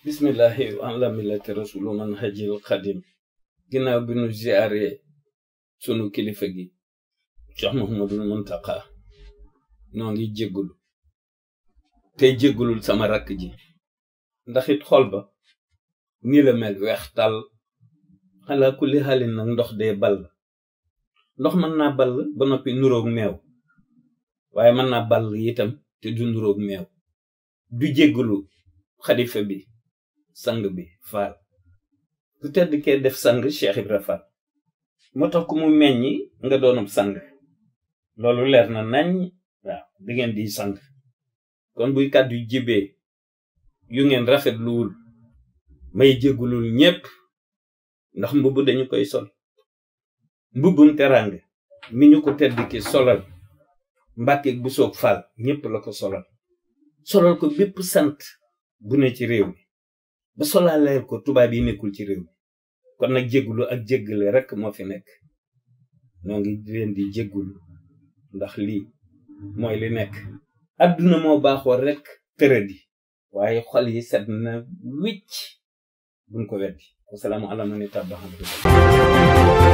bismillahi wa ala millati rasulu man hajil xadim ginnaaw bi nu ziare sunu kilifa gi Cheikh Mouhamadul Muntaqa noo ngi jéggulu tey jéggulul sama rakk ji ndax xol ba ni la mel weex tàll xalaa kulli xaalin nag ndox dee ball ndox mën na bal ba noppi nuroog meew waaye mën naa ball itam te du nuroog meew du jéggulu xalifa bi sang bi faal ku tedd kee def sang Cheikh Ibra Fall moo ku mu meññi nga doonam sang loolu leer na nañ waaw di ngeen di sang kon buy kàddu yu jibee yu ngeen rafetluwul may jéggulul ñépp ndax mbubb dañu koy sol mbubbum terang mi ñu ko tedd ki solal mbàkkeeg bu soog faal ñépp la ko solal solal ko bépp sant bu ne ci réew mi ba solaaleel ko tubaab yi nekkul ci réew mi kon nag jéggulu ak jéggale rek moo fi nekk noo ngi leen di jéggulu ndax lii mooy li nekk adduna moo baaxoo rek tëradi waaye xol yi set na wicc buñ ko weddi wasalaamu ala man ittaba'a